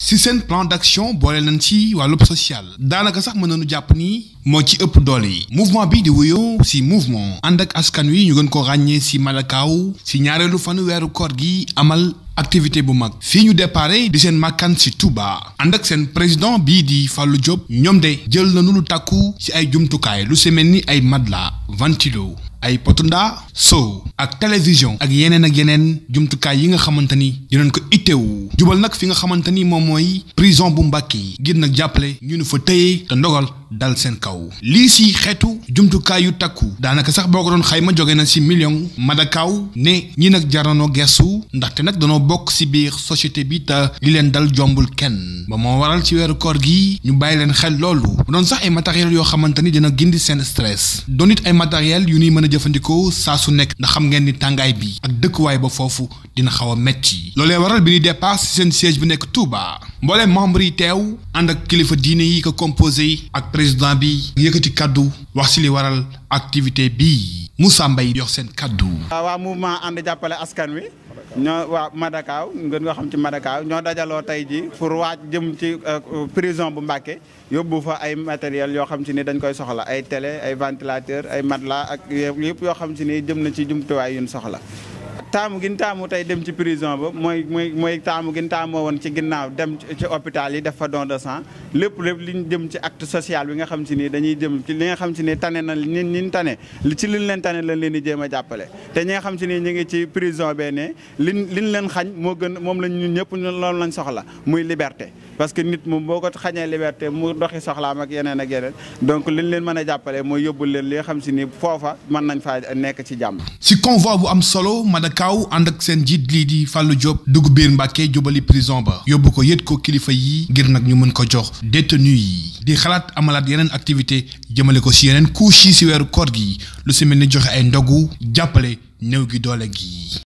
si seen plan d'action boole nañ ci wàllub social daanaka sax mën nanu jàpp ni moo ci ëpp doole yi mouvement bii di wuyoo si mouvement ànd ak askan wi ñu gën ko ràññee si Malakaaw si ñaareelu fanu weeru koor gi amal activité bu mag fii ñu déparé di seen màkkaan si Touba ànd ak seen président bii di fallu Diop ñoom de jël nañu lu tàkku ci ay jumtukaay lu si mel ni ay madla ventilo ay potundaa sow ak télévision ak yeneen ak yeneen jumtukaay yi nga xamante ni dinañ ko itteewu jubal nag fi nga xamante ni moom mooy prison bu Mbàkke yi ngir nag jàppale ñu nu fa tëye te ndogal dal seen kaw lii si xeetu jumtukaay yu takku daanaka sax boo ko doon xayma joge na si million madakaaw ne ñi nag jaranoo gestu ndaxte nag danoo bokk si biir société bi te li leen dal jombul kenn ba moo waral ci weeru koor gi ñu bàyyi leen xel loolu bu doon sax ay matériel yoo xamante ni dina gindi seen stress doon it ay matériel yu ñuy mën a jëfandikoo saa su nekk ndax xam ngeen ni tàngaay bi ak dëkkuwaay ba foofu dina xaw a metti loolee waral bi ñuy dépasse nekk Touba mbooleem membre yi teew ànd ak kilifa diine yi ko composé ak président bi yëkkati kaddu wax si li waral activité bi musa mbay yox seen kaddu. waa mouvement ànd jàppale askan wi. ñoo waa Madakaw ngeen nga xam ci Madakaw ñoo dajaloo tey ji pour waaj jëm ci euh, prison bu Mbàkke yóbbu fa ay matériel yoo xam ci ni dañ koy soxla ay tele ay ventilateur ay matelas ak yëpp yoo xam ci ni jëm na ci jumtuwaay yu soxla taamu gin taamu tey dem ci prison ba mooy mooy mooy taamu gin taamoo woon ci ginnaaw dem ci hôpital yi def fa don de sang lépp lépp li ñu jëm ci acte social bi nga xam ni dañuy jëm ci li nga xam si ni tane na ñi ñin tane ci liñ leen tane lañ leen di jéem a jàppale te ñi nga xam si ni ñu ngi ci prison bee ne li liñ leen xañ moo gën moom lañ ñun ñëpp loolu lañ soxla muy liberté parce que nit moom boo ko xañee liberté mu doxi soxlaam ak yeneen ak yeneen donc liñ leen mën a jàppale mooy yóbbul leen li nga xam si ni foofa mën nañ fa nekk ci jàmm. si convoi bu am solo Madakaw ànd ak seen jiit lii di Fallou Diop dugg biir Mbàkke jubali prison ba yóbbu ko yët ko kilifa yi ngir nag ñu mën ko jox détenu yi di xalaat amalaat yeneen activité jëmale ko si yeneen couche yi si weeru koor gi lu si mel ni joxe ay ndogu jàppale néew gi doole gi.